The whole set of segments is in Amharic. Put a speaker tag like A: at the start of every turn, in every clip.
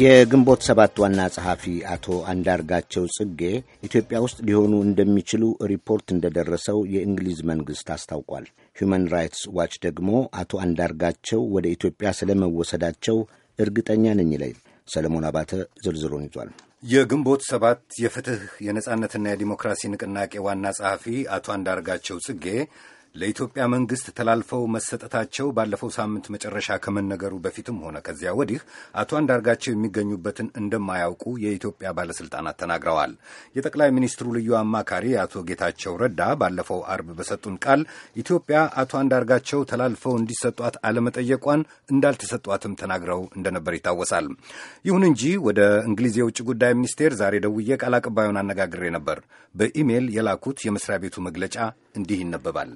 A: የግንቦት ሰባት ዋና ጸሐፊ አቶ አንዳርጋቸው ጽጌ ኢትዮጵያ ውስጥ ሊሆኑ እንደሚችሉ ሪፖርት እንደደረሰው የእንግሊዝ መንግሥት አስታውቋል። ሁማን ራይትስ ዋች ደግሞ አቶ አንዳርጋቸው ወደ ኢትዮጵያ ስለመወሰዳቸው እርግጠኛ ነኝ ይላል። ሰለሞን አባተ ዝርዝሩን ይዟል።
B: የግንቦት ሰባት የፍትህ የነጻነትና የዲሞክራሲ ንቅናቄ ዋና ጸሐፊ አቶ አንዳርጋቸው ጽጌ ለኢትዮጵያ መንግስት ተላልፈው መሰጠታቸው ባለፈው ሳምንት መጨረሻ ከመነገሩ በፊትም ሆነ ከዚያ ወዲህ አቶ አንዳርጋቸው የሚገኙበትን እንደማያውቁ የኢትዮጵያ ባለስልጣናት ተናግረዋል። የጠቅላይ ሚኒስትሩ ልዩ አማካሪ አቶ ጌታቸው ረዳ ባለፈው አርብ በሰጡን ቃል ኢትዮጵያ አቶ አንዳርጋቸው ተላልፈው እንዲሰጧት አለመጠየቋን እንዳልተሰጧትም ተናግረው እንደነበር ይታወሳል። ይሁን እንጂ ወደ እንግሊዝ የውጭ ጉዳይ ሚኒስቴር ዛሬ ደውዬ ቃል አቀባዩን አነጋግሬ ነበር። በኢሜይል የላኩት የመስሪያ ቤቱ መግለጫ እንዲህ ይነበባል።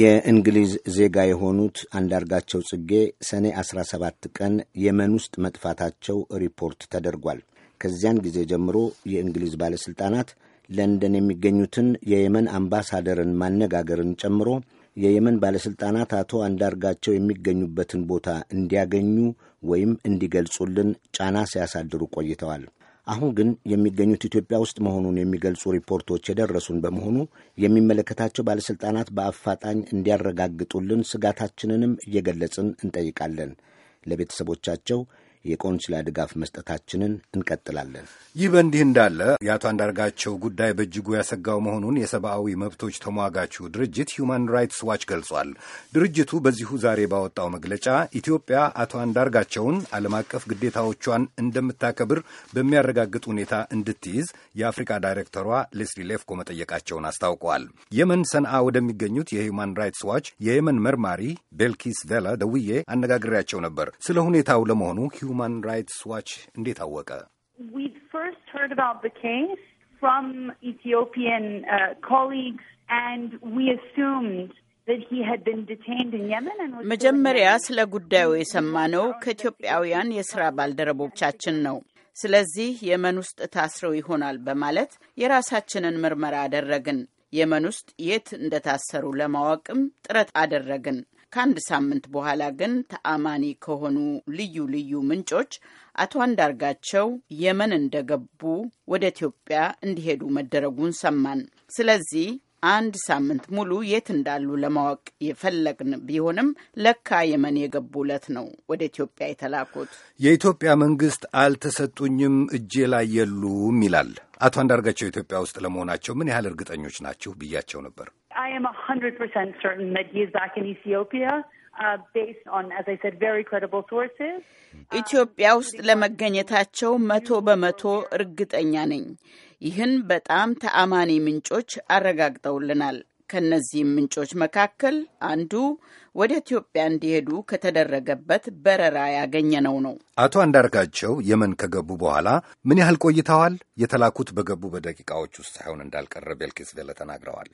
A: የእንግሊዝ ዜጋ የሆኑት አንዳርጋቸው ጽጌ ሰኔ 17 ቀን የመን ውስጥ መጥፋታቸው ሪፖርት ተደርጓል። ከዚያን ጊዜ ጀምሮ የእንግሊዝ ባለሥልጣናት ለንደን የሚገኙትን የየመን አምባሳደርን ማነጋገርን ጨምሮ የየመን ባለሥልጣናት አቶ አንዳርጋቸው የሚገኙበትን ቦታ እንዲያገኙ ወይም እንዲገልጹልን ጫና ሲያሳድሩ ቆይተዋል። አሁን ግን የሚገኙት ኢትዮጵያ ውስጥ መሆኑን የሚገልጹ ሪፖርቶች የደረሱን በመሆኑ የሚመለከታቸው ባለሥልጣናት በአፋጣኝ እንዲያረጋግጡልን ስጋታችንንም እየገለጽን እንጠይቃለን። ለቤተሰቦቻቸው የቆንስላ ድጋፍ መስጠታችንን እንቀጥላለን።
B: ይህ በእንዲህ እንዳለ የአቶ አንዳርጋቸው ጉዳይ በእጅጉ ያሰጋው መሆኑን የሰብአዊ መብቶች ተሟጋቹ ድርጅት ሁማን ራይትስ ዋች ገልጿል። ድርጅቱ በዚሁ ዛሬ ባወጣው መግለጫ ኢትዮጵያ አቶ አንዳርጋቸውን ዓለም አቀፍ ግዴታዎቿን እንደምታከብር በሚያረጋግጥ ሁኔታ እንድትይዝ የአፍሪካ ዳይሬክተሯ ሌስሊ ሌፍኮ መጠየቃቸውን አስታውቀዋል። የመን ሰንአ ወደሚገኙት የሁማን ራይትስ ዋች የየመን መርማሪ ቤልኪስ ቬላ ደውዬ አነጋግሬያቸው ነበር። ስለ ሁኔታው ለመሆኑ ሂዩማን ራይትስ ዋች እንዴት አወቀ?
C: Uh, መጀመሪያ ስለ ጉዳዩ የሰማነው ከኢትዮጵያውያን የስራ ባልደረቦቻችን ነው። ስለዚህ የመን ውስጥ ታስረው ይሆናል በማለት የራሳችንን ምርመራ አደረግን። የመን ውስጥ የት እንደታሰሩ ለማወቅም ጥረት አደረግን። ከአንድ ሳምንት በኋላ ግን ተአማኒ ከሆኑ ልዩ ልዩ ምንጮች አቶ አንዳርጋቸው የመን እንደገቡ ወደ ኢትዮጵያ እንዲሄዱ መደረጉን ሰማን። ስለዚህ አንድ ሳምንት ሙሉ የት እንዳሉ ለማወቅ የፈለግን ቢሆንም ለካ የመን የገቡ ለት ነው ወደ ኢትዮጵያ የተላኩት።
B: የኢትዮጵያ መንግስት አልተሰጡኝም፣ እጄ ላይ የሉም ይላል። አቶ አንዳርጋቸው ኢትዮጵያ ውስጥ ለመሆናቸው ምን ያህል እርግጠኞች ናችሁ ብያቸው ነበር።
C: I am 100% certain that he is back in Ethiopia. ኢትዮጵያ uh, ውስጥ ለመገኘታቸው መቶ በመቶ እርግጠኛ ነኝ። ይህን በጣም ተአማኒ ምንጮች አረጋግጠውልናል። ከነዚህም ምንጮች መካከል አንዱ ወደ ኢትዮጵያ እንዲሄዱ ከተደረገበት በረራ ያገኘነው ነው።
B: አቶ አንዳርጋቸው የመን ከገቡ በኋላ ምን ያህል ቆይተዋል? የተላኩት በገቡ በደቂቃዎች ውስጥ ሳይሆን እንዳልቀረ ቤልኪስ ቬለ ተናግረዋል።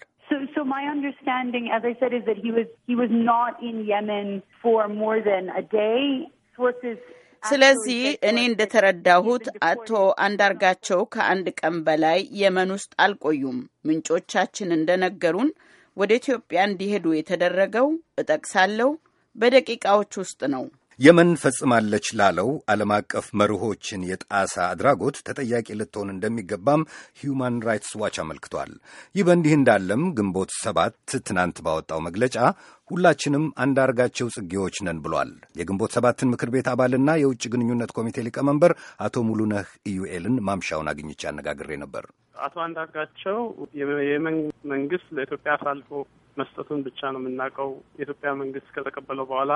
C: ስለዚህ እኔ እንደተረዳሁት አቶ አንዳርጋቸው ከአንድ ቀን በላይ የመን ውስጥ አልቆዩም። ምንጮቻችን እንደነገሩን ወደ ኢትዮጵያ እንዲሄዱ የተደረገው እጠቅሳለሁ፣ በደቂቃዎች ውስጥ ነው።
B: የመን ፈጽማለች ላለው ዓለም አቀፍ መርሆችን የጣሳ አድራጎት ተጠያቂ ልትሆን እንደሚገባም ሂዩማን ራይትስ ዋች አመልክቷል። ይህ በእንዲህ እንዳለም ግንቦት ሰባት ትናንት ባወጣው መግለጫ ሁላችንም አንዳርጋቸው ጽጌዎች ነን ብሏል። የግንቦት ሰባትን ምክር ቤት አባልና የውጭ ግንኙነት ኮሚቴ ሊቀመንበር አቶ ሙሉነህ ኢዩኤልን ማምሻውን አግኝቼ አነጋግሬ ነበር።
D: አቶ አንዳርጋቸው የመን መንግስት ለኢትዮጵያ አሳልፎ መስጠቱን ብቻ ነው የምናውቀው። የኢትዮጵያ መንግስት ከተቀበለው በኋላ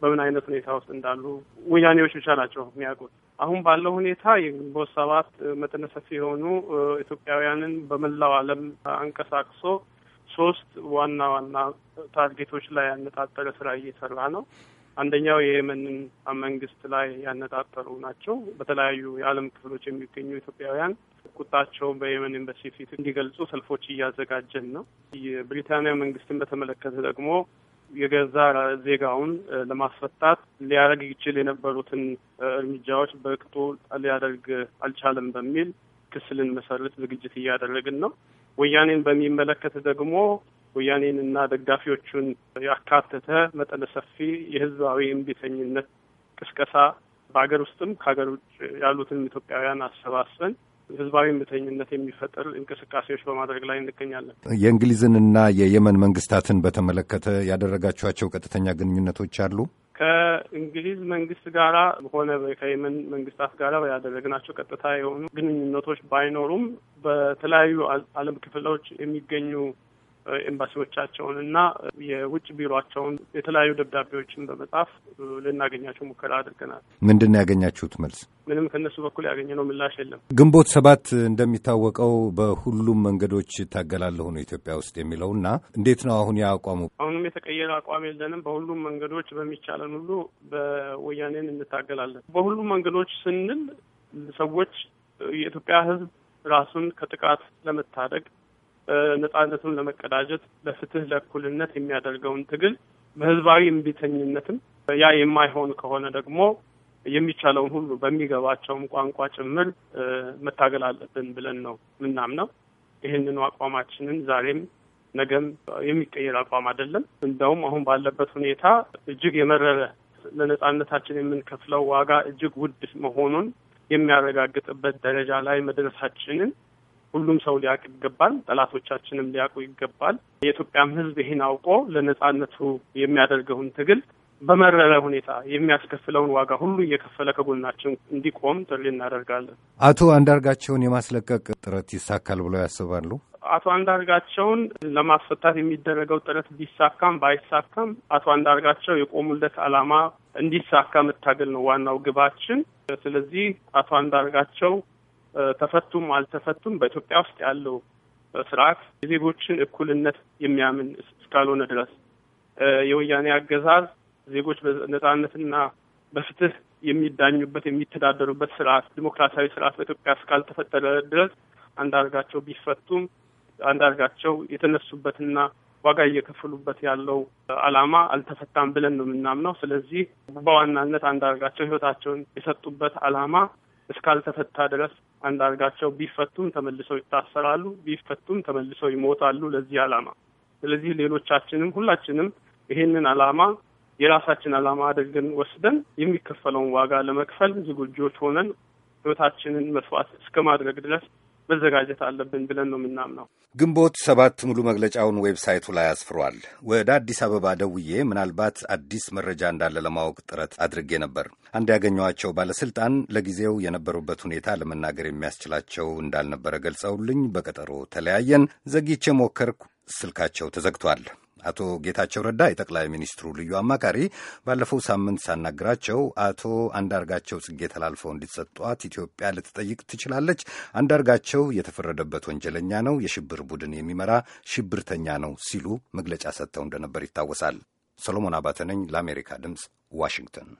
D: በምን አይነት ሁኔታ ውስጥ እንዳሉ ወያኔዎች ብቻ ናቸው የሚያውቁት። አሁን ባለው ሁኔታ የግንቦት ሰባት መጠነ ሰፊ የሆኑ ኢትዮጵያውያንን በመላው ዓለም አንቀሳቅሶ ሶስት ዋና ዋና ታርጌቶች ላይ ያነጣጠረ ስራ እየሰራ ነው። አንደኛው የየመንን መንግስት ላይ ያነጣጠሩ ናቸው። በተለያዩ የዓለም ክፍሎች የሚገኙ ኢትዮጵያውያን ቁጣቸውን በየመን ኤምባሲ ፊት እንዲገልጹ ሰልፎች እያዘጋጀን ነው። የብሪታንያ መንግስትን በተመለከተ ደግሞ የገዛ ዜጋውን ለማስፈታት ሊያደርግ ይችል የነበሩትን እርምጃዎች በቅጡ ሊያደርግ አልቻለም በሚል ክስ ልንመሰርት ዝግጅት እያደረግን ነው። ወያኔን በሚመለከት ደግሞ ወያኔን እና ደጋፊዎቹን ያካተተ መጠነ ሰፊ የህዝባዊ እምቢተኝነት ቅስቀሳ በሀገር ውስጥም ከሀገር ውጭ ያሉትንም ኢትዮጵያውያን አሰባስበን ህዝባዊ ምተኝነት የሚፈጥር እንቅስቃሴዎች በማድረግ ላይ እንገኛለን።
B: የእንግሊዝንና የየመን መንግስታትን በተመለከተ ያደረጋችኋቸው ቀጥተኛ ግንኙነቶች አሉ?
D: ከእንግሊዝ መንግስት ጋራ ሆነ ከየመን መንግስታት ጋራ ያደረግናቸው ቀጥታ የሆኑ ግንኙነቶች ባይኖሩም በተለያዩ ዓለም ክፍሎች የሚገኙ ኤምባሲዎቻቸውን እና የውጭ ቢሮቸውን የተለያዩ ደብዳቤዎችን በመጻፍ ልናገኛቸው ሙከራ አድርገናል።
B: ምንድን ነው ያገኛችሁት መልስ?
D: ምንም ከእነሱ በኩል ያገኘነው ምላሽ የለም።
B: ግንቦት ሰባት እንደሚታወቀው በሁሉም መንገዶች ታገላለሁ ነው ኢትዮጵያ ውስጥ የሚለው እና እንዴት ነው አሁን ያ
D: አሁንም የተቀየረ አቋም የለንም። በሁሉም መንገዶች በሚቻለን ሁሉ በወያኔን እንታገላለን። በሁሉም መንገዶች ስንል ሰዎች የኢትዮጵያ ሕዝብ ራሱን ከጥቃት ለመታደግ ነጻነቱን ለመቀዳጀት ለፍትህ፣ ለእኩልነት የሚያደርገውን ትግል በህዝባዊ እምቢተኝነትም ያ የማይሆን ከሆነ ደግሞ የሚቻለውን ሁሉ በሚገባቸውም ቋንቋ ጭምር መታገል አለብን ብለን ነው ምናምነው። ይህንኑ አቋማችንን ዛሬም ነገም የሚቀየር አቋም አይደለም። እንደውም አሁን ባለበት ሁኔታ እጅግ የመረረ ለነጻነታችን የምንከፍለው ዋጋ እጅግ ውድ መሆኑን የሚያረጋግጥበት ደረጃ ላይ መድረሳችንን ሁሉም ሰው ሊያውቅ ይገባል። ጠላቶቻችንም ሊያውቁ ይገባል። የኢትዮጵያም ሕዝብ ይህን አውቆ ለነጻነቱ የሚያደርገውን ትግል በመረረ ሁኔታ የሚያስከፍለውን ዋጋ ሁሉ እየከፈለ ከጎናችን እንዲቆም ጥሪ እናደርጋለን።
B: አቶ አንዳርጋቸውን የማስለቀቅ ጥረት ይሳካል ብለው ያስባሉ?
D: አቶ አንዳርጋቸውን ለማስፈታት የሚደረገው ጥረት ቢሳካም ባይሳካም አቶ አንዳርጋቸው የቆሙለት ዓላማ እንዲሳካ መታገል ነው ዋናው ግባችን። ስለዚህ አቶ አንዳርጋቸው ተፈቱም አልተፈቱም በኢትዮጵያ ውስጥ ያለው ስርዓት የዜጎችን እኩልነት የሚያምን እስካልሆነ ድረስ የወያኔ አገዛዝ ዜጎች በነጻነትና በፍትህ የሚዳኙበት የሚተዳደሩበት ስርዓት ዲሞክራሲያዊ ስርዓት በኢትዮጵያ እስካልተፈጠረ ድረስ አንዳርጋቸው ቢፈቱም አንዳርጋቸው የተነሱበትና ዋጋ እየከፈሉበት ያለው አላማ አልተፈታም ብለን ነው የምናምነው። ስለዚህ በዋናነት አንዳርጋቸው ህይወታቸውን የሰጡበት አላማ ። እስካልተፈታ ድረስ አንዳርጋቸው ቢፈቱም ተመልሰው ይታሰራሉ፣ ቢፈቱም ተመልሰው ይሞታሉ ለዚህ ዓላማ። ስለዚህ ሌሎቻችንም ሁላችንም ይሄንን ዓላማ የራሳችን ዓላማ አድርገን ወስደን የሚከፈለውን ዋጋ ለመክፈል ዝግጆች ሆነን ህይወታችንን መስዋዕት እስከ ማድረግ ድረስ መዘጋጀት አለብን ብለን ነው የምናምነው።
B: ግንቦት ሰባት ሙሉ መግለጫውን ዌብሳይቱ ላይ አስፍሯል። ወደ አዲስ አበባ ደውዬ ምናልባት አዲስ መረጃ እንዳለ ለማወቅ ጥረት አድርጌ ነበር። አንድ ያገኘኋቸው ባለስልጣን ለጊዜው የነበሩበት ሁኔታ ለመናገር የሚያስችላቸው እንዳልነበረ ገልጸውልኝ በቀጠሮ ተለያየን። ዘግይቼ ሞከርኩ። ስልካቸው ተዘግቷል። አቶ ጌታቸው ረዳ የጠቅላይ ሚኒስትሩ ልዩ አማካሪ ባለፈው ሳምንት ሳናግራቸው አቶ አንዳርጋቸው ጽጌ ተላልፈው እንዲሰጧት ኢትዮጵያ ልትጠይቅ ትችላለች። አንዳርጋቸው የተፈረደበት ወንጀለኛ ነው፣ የሽብር ቡድን የሚመራ ሽብርተኛ ነው ሲሉ መግለጫ ሰጥተው እንደነበር ይታወሳል። ሰሎሞን አባተ ነኝ ለአሜሪካ ድምፅ ዋሽንግተን።